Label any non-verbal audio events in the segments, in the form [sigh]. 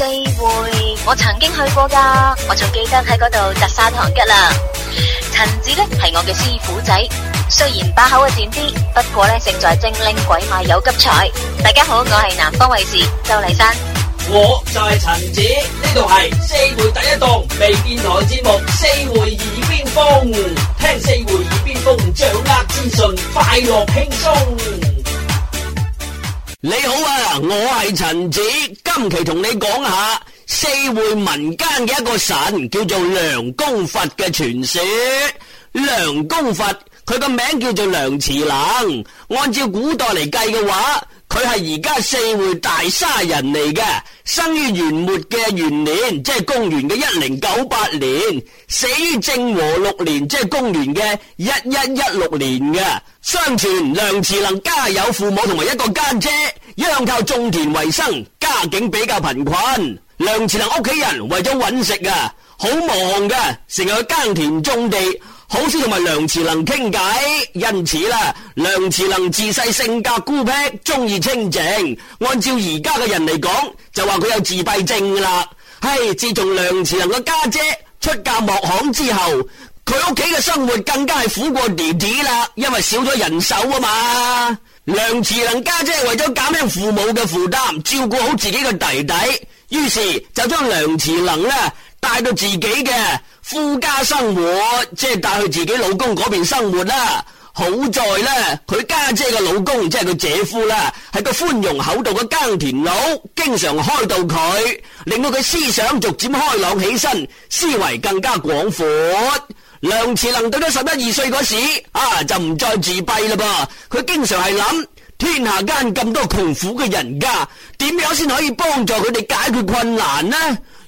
四會，我曾經去過噶，我仲記得喺嗰度摘砂糖桔啦。陳子呢係我嘅師傅仔，雖然把口嘅賤啲，不過呢勝在精靈鬼賣有急才。大家好，我係南方衛視周麗珊，我就係陳子，呢度係四會第一檔微電台節目《四會耳邊風》，聽四會耳邊風，掌握資訊，快樂輕鬆。你好啊，我係陳子，今期同你講下四會民間嘅一個神叫做梁公佛嘅傳說。梁公佛佢個名叫做梁慈能，按照古代嚟計嘅話。佢係而家四會大沙人嚟嘅，生於元末嘅元年，即係公元嘅一零九八年，死於政和六年，即係公元嘅一一一六年嘅。相傳梁慈能家有父母同埋一個家姐，姐，一向靠種田為生，家境比較貧困。梁慈能屋企人為咗搵食啊，好忙嘅，成日去耕田種地。好少同埋梁慈能傾偈，因此啦，梁慈能自細性格孤僻，中意清靜。按照而家嘅人嚟講，就話佢有自閉症啦。係自從梁慈能嘅家姐出嫁莫巷之後，佢屋企嘅生活更加係苦過弟弟啦，因為少咗人手啊嘛。梁慈能家姐為咗減輕父母嘅負擔，照顧好自己嘅弟弟，於是就將梁慈能咧。帶到自己嘅夫家生活，即係帶去自己老公嗰邊生活啦，啊。好在呢，佢家姐嘅老公即係佢姐夫啦，係個寬容厚道嘅耕田佬，經常開導佢，令到佢思想逐漸開朗起身，思維更加廣闊。梁慈能到咗十一二歲嗰時，啊，就唔再自閉啦噃。佢經常係諗，天下間咁多窮苦嘅人家，點樣先可以幫助佢哋解決困難呢？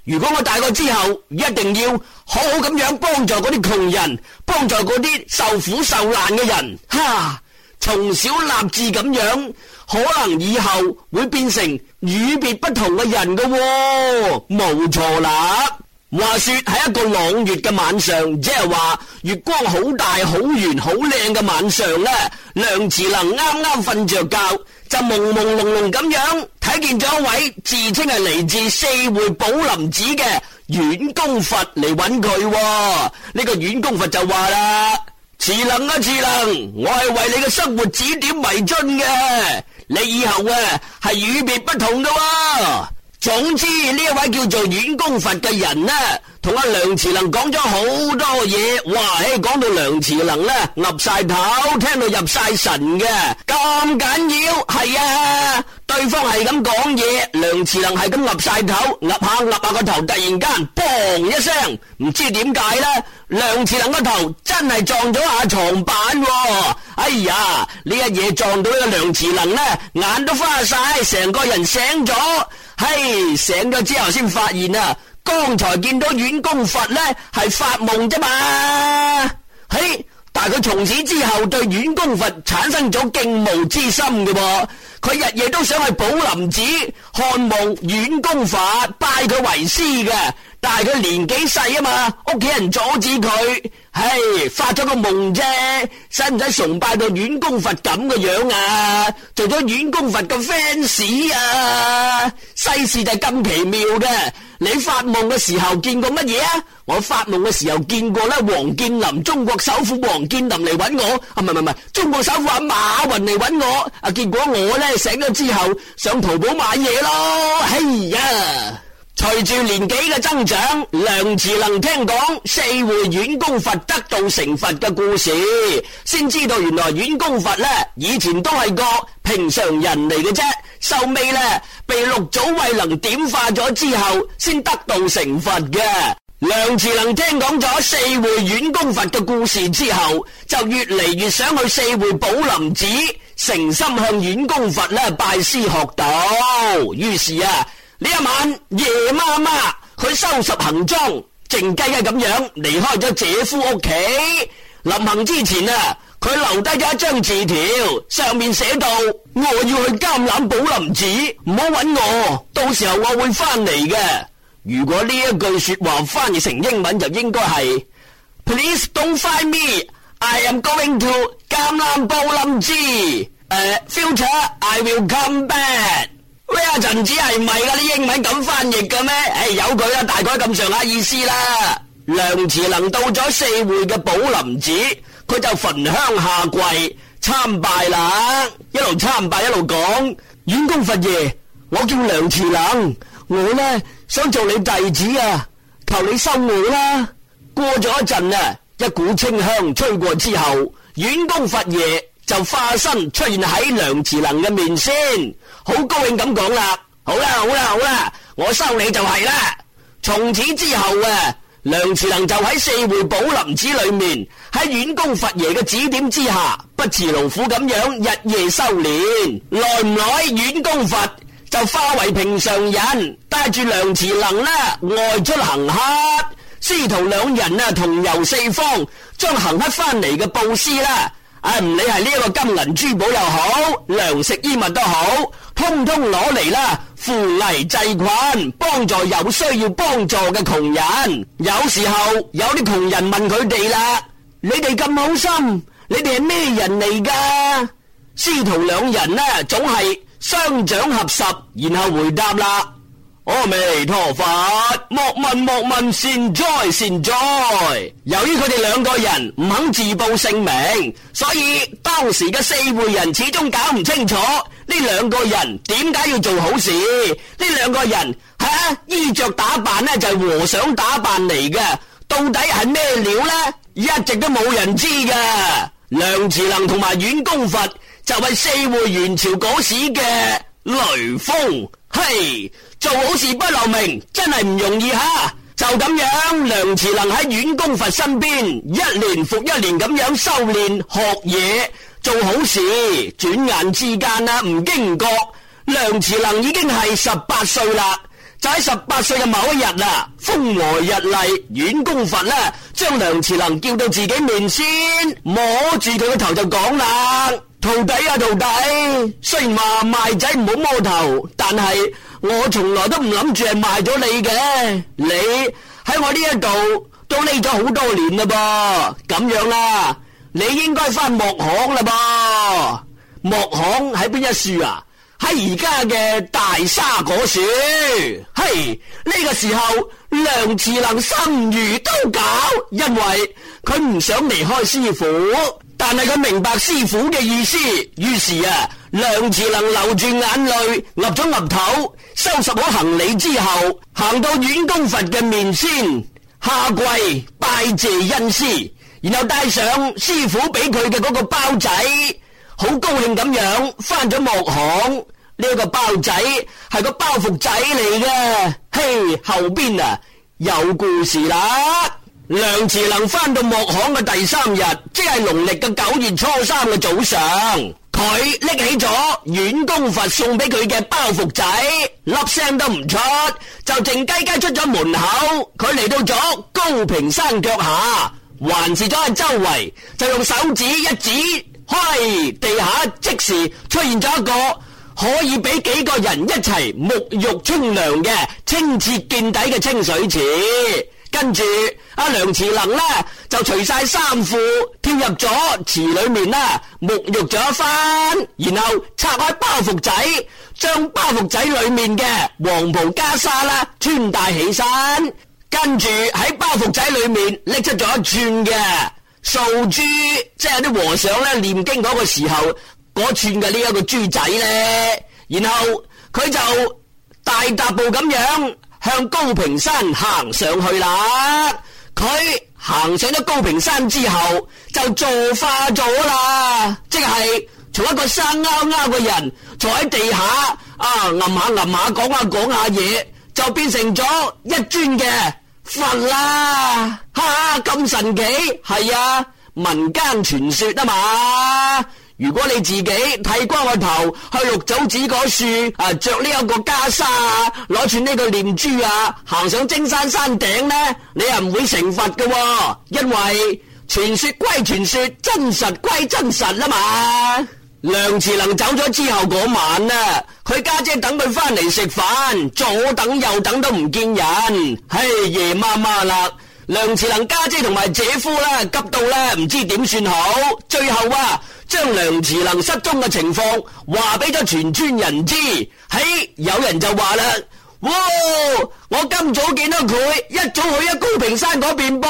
如果我大個之後，一定要好好咁樣幫助嗰啲窮人，幫助嗰啲受苦受難嘅人，哈！從小立志咁樣，可能以後會變成與別不同嘅人㗎喎，冇錯啦。話說喺一個朗月嘅晚上，即係話月光好大、好圓、好靚嘅晚上咧，梁慈能啱啱瞓着覺，就朦朦朧朧咁樣睇見咗一位自稱係嚟自四會寶林寺嘅阮公佛嚟揾佢。呢、啊這個阮公佛就話啦：慈能啊，慈能，我係為你嘅生活指點迷津嘅，你以後啊係與別不同噶、啊。總之呢位叫做阮公佛嘅人呢，同阿梁慈能講咗好多嘢。哇！唉，講到梁慈能呢，岌晒頭，聽到入晒神嘅，咁緊要？係啊，對方係咁講嘢，梁慈能係咁岌晒頭，岌下岌下個頭，突然間嘣一聲，唔知點解呢？梁慈能個頭真係撞咗下床板喎。哎呀，呢一嘢撞到呢個梁慈能呢，眼都花晒，成個人醒咗。嘿，hey, 醒咗之後先發現啊，剛才見到阮公佛咧，係發夢啫嘛？嘿、hey，但係佢從此之後對阮公佛產生咗敬慕之心嘅噃、啊。佢日夜都想去寶林寺看望阮公佛，拜佢為師嘅。但係佢年紀細啊嘛，屋企人阻止佢。唉，發咗個夢啫，使唔使崇拜到阮公佛咁嘅樣啊？做咗阮公佛嘅 fans 啊！世事就係咁奇妙嘅。你發夢嘅時候見過乜嘢啊？我發夢嘅時候見過咧，王健林，中國首富王健林嚟搵我，啊唔係唔係，中國首富阿馬雲嚟搵我，啊結果我呢醒咗之後上淘寶買嘢咯，哎呀！隨住年紀嘅增長，梁慈能聽講四會阮公佛得到成佛嘅故事，先知道原來阮公佛呢，以前都係個平常人嚟嘅啫。受未咧？被六祖慧能點化咗之後，先得到成佛嘅。梁慈能聽講咗四會遠公佛嘅故事之後，就越嚟越想去四會寶林寺，誠心向遠公佛呢拜師學道。於是啊，呢一晚夜媽媽、啊，佢收拾行裝，靜雞雞咁樣離開咗姐夫屋企。臨行之前啊。佢留低咗一張字條，上面寫道：我要去監覽寶林寺，唔好搵我，到時候我會翻嚟嘅。如果呢一句說話翻譯成英文就應該係：Please don't find me. I am going to 監覽寶林寺。誒、uh,，future I will come back。喂、啊，阿陳子係咪嗰啲英文咁翻譯嘅咩？誒、哎，有佢啦、啊，大概咁上下意思啦。梁慈能到咗四會嘅寶林寺。佢就焚香下跪參拜啦，一路參拜一路講，遠公佛爺，我叫梁慈能，我呢，想做你弟子啊，求你收我啦。過咗一陣啊，一股清香吹過之後，遠公佛爺就化身出現喺梁慈能嘅面先，好高興咁講啦，好啦好啦好啦，我收你就係啦，從此之後啊。梁慈能就喺四會寶林寺裏面，喺遠公佛爺嘅指點之下，不辭勞苦咁樣日夜修煉。耐唔耐，遠公佛就化為平常人，帶住梁慈能咧、啊、外出行乞。師徒兩人啊，同遊四方，將行乞翻嚟嘅布施啦。啊！唔理係呢個金銀珠寶又好，糧食衣物都好，通通攞嚟啦，扶危濟困，幫助有需要幫助嘅窮人。有時候有啲窮人問佢哋啦：你哋咁好心，你哋係咩人嚟㗎？師徒兩人呢，總係雙掌合十，然後回答啦。阿彌陀佛，莫問莫問，善哉善哉。由於佢哋兩個人唔肯自報姓名，所以當時嘅四會人始終搞唔清楚呢兩個人點解要做好事。呢兩個人係啊，衣着打扮呢就係和尚打扮嚟嘅，到底係咩料呢？一直都冇人知㗎。梁慈能同埋阮公佛就係四會元朝嗰時嘅雷鋒，嘿。做好事不留名，真係唔容易哈！就咁樣，梁慈能喺阮公佛身邊，一年復一年咁樣修煉學嘢，做好事。轉眼之間啊，唔經唔覺，梁慈能已經係十八歲啦。就喺十八歲嘅某一日啦，風和日麗，阮公佛呢，將梁慈能叫到自己面前，摸住佢個頭就講啦，徒弟啊，徒弟，雖然話賣仔唔好摸頭，但係。我從來都唔諗住係賣咗你嘅，你喺我呢一度都匿咗好多年嘞噃，咁樣啦、啊，你應該翻木巷嘞噃，木巷喺邊一樹啊？喺而家嘅大沙果樹。嘿，呢、這個時候梁慈能心如刀絞，因為佢唔想離開師傅。但係佢明白師傅嘅意思，於是啊，梁慈能流住眼淚，岌咗岌頭。收拾好行李之後，行到阮公佛嘅面先。下跪拜謝恩師，然後帶上師傅俾佢嘅嗰個包仔，好高興咁樣翻咗木行。呢、這、一個包仔係個包袱仔嚟嘅，嘿，後邊啊有故事啦！梁慈能翻到木行嘅第三日，即係農曆嘅九月初三嘅早上。佢拎起咗阮公佛送俾佢嘅包袱仔，粒聲都唔出，就靜雞雞出咗門口。佢嚟到咗高平山腳下，環視咗下周圍，就用手指一指，嘿，地下即時出現咗一個可以俾幾個人一齊沐浴清涼嘅清澈見底嘅清水池。跟住，阿梁慈能呢，就除晒衫褲，跳入咗池裏面啦，沐浴咗一番，然後拆開包袱仔，將包袱仔裏面嘅黃袍袈裟啦穿戴起身，跟住喺包袱仔裏面拎出咗一串嘅素珠，即係啲和尚咧念經嗰個時候嗰串嘅呢一個珠仔咧，然後佢就大踏步咁樣。向高平山行上去啦！佢行上咗高平山之後就坐化咗啦，即係從一個生勾勾嘅人坐喺地下啊，吟下吟下講、啊、下講下嘢，就變成咗一尊嘅佛啦！吓、啊、咁神奇，係啊，民間傳說啊嘛。如果你自己剃光個頭，去綠棗子嗰樹啊，着呢一個袈裟啊，攞住呢個念珠啊，行上精山山頂咧，你又唔會成佛嘅，因為傳說歸傳說，真實歸真實啊嘛。 [laughs] 梁慈能走咗之後嗰晚啊，佢家姐，姐等佢翻嚟食飯，左等右等都唔見人，嘿，夜媽媽啦。梁慈能家姐同埋姐夫啦，急到啦，唔知點算好，最後啊，將梁慈能失蹤嘅情況，話畀咗全村人知，嘿，有人就話啦。哇！我今早見到佢，一早去咗高平山嗰邊噃，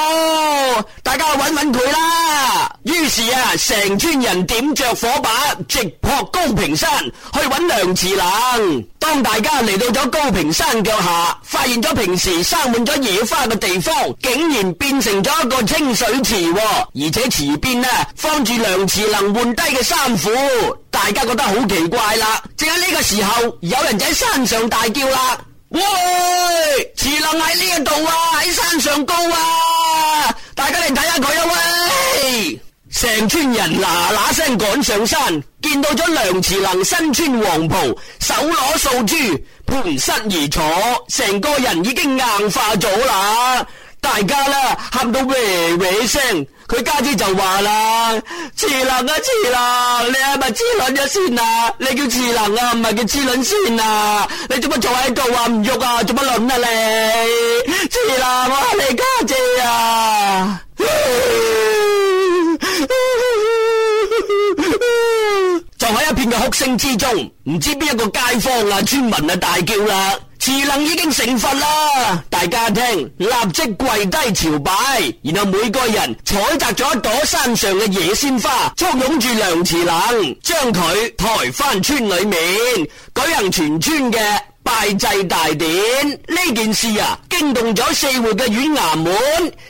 大家去搵搵佢啦。於是啊，成村人點着火把，直撲高平山去搵梁池能。當大家嚟到咗高平山腳下，發現咗平時生滿咗野花嘅地方，竟然變成咗一個清水池，而且池邊啊放住梁池能換低嘅衫褲，大家覺得好奇怪啦。正喺呢個時候，有人就喺山上大叫啦。喂，池林喺呢一度啊，喺山上高啊，大家嚟睇下佢啊喂！成村人嗱嗱聲趕上山，見到咗梁池林身穿黃袍，手攞數珠盤膝而坐，成個人已經硬化咗啦，大家啦喊到喂喂聲。佢家姐，姐就話啦：慈能啊，慈能，你係咪慈能嘅、啊、先啊？你叫智、啊啊啊、能啊，唔係叫慈能先啊？你做乜坐喺度話唔喐啊？做乜諗啊你？慈能，我係你家姐啊！ [laughs] 就喺一片嘅哭聲之中，唔知邊一個街坊啊，村民啊，大叫啦！慈能已經成佛啦！大家聽，立即跪低朝拜，然後每個人採摘咗一朵山上嘅野鮮花，簇擁住梁慈能，將佢抬翻村裏面，舉行全村嘅拜祭大典。呢件事啊，驚動咗四會嘅縣衙門，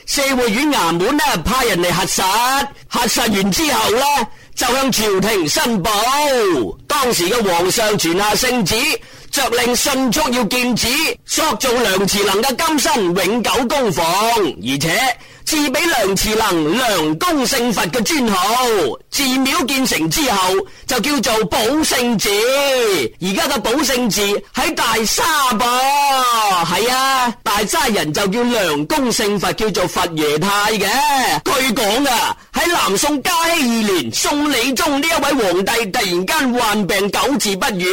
四會縣衙門呢，派人嚟核實，核實完之後呢，就向朝廷申報。當時嘅皇上傳下聖旨。着令迅速要建此，塑造梁池能嘅金身永久供奉，而且，賜俾梁慈能、梁公聖佛嘅尊號，寺廟建成之後就叫做寶聖寺。而家個寶聖寺喺大沙噃，係啊，大沙人就叫梁公聖佛，叫做佛爺太嘅。據講啊，喺南宋嘉熙二年，宋理宗呢一位皇帝突然間患病，久治不愈，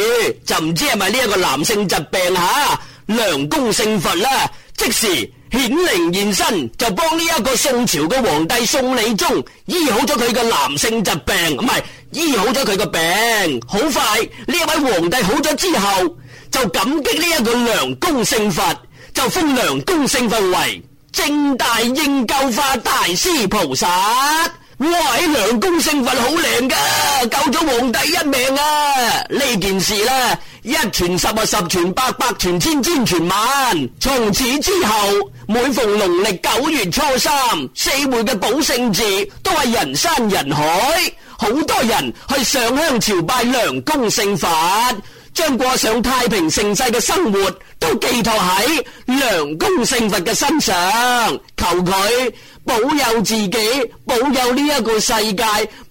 就唔知係咪呢一個男性疾病吓、啊，梁公聖佛啦、啊，即時。顯靈現身就幫呢一個宋朝嘅皇帝宋理宗醫好咗佢嘅男性疾病，唔係醫好咗佢嘅病。好快呢一位皇帝好咗之後，就感激呢一個梁公聖佛，就封梁公聖佛為正大應救法大師菩薩。哇喺梁公聖佛好靚噶，救咗皇帝一命啊！呢件事呢，一傳十啊，十傳百，百傳千，千傳萬。從此之後，每逢農曆九月初三，四會嘅保聖寺，都係人山人海，好多人去上香朝拜梁公聖佛，將過上太平盛世嘅生活都寄託喺梁公聖佛嘅身上，求佢，保佑自己，保佑呢一個世界，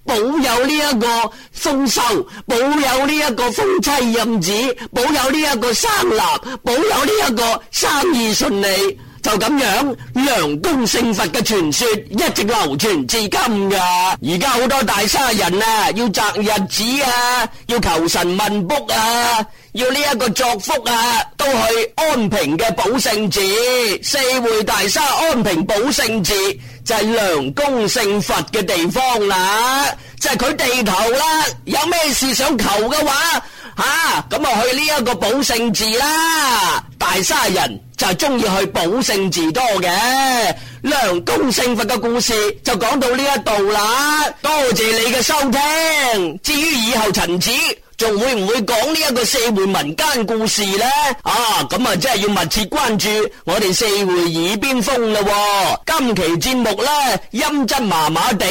保佑呢一個豐收，保佑呢一個夫妻任子，保佑呢一個生男，保佑呢一個生意順利。就咁樣，良公聖佛嘅傳說一直流傳至今噶。而家好多大沙人啊，要擇日子啊，要求神問卜啊，要呢一個作福啊，都去安平嘅保聖寺。四會大沙安平保聖寺就係良公聖佛嘅地方啦，就係佢地頭啦。有咩事想求嘅話，吓，咁啊去呢一個寶聖寺啦，大沙人就係中意去寶聖寺多嘅。梁公聖佛嘅故事就講到呢一度啦，多謝你嘅收聽。至於以後陳子仲會唔會講呢一個四會民間故事呢？啊咁啊真係要密切關注我哋四會耳邊風啦。今期節目呢，音質麻麻地，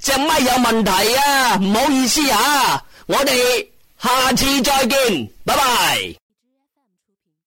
隻咪，咪有問題啊，唔好意思啊，我哋。下次再見，拜拜。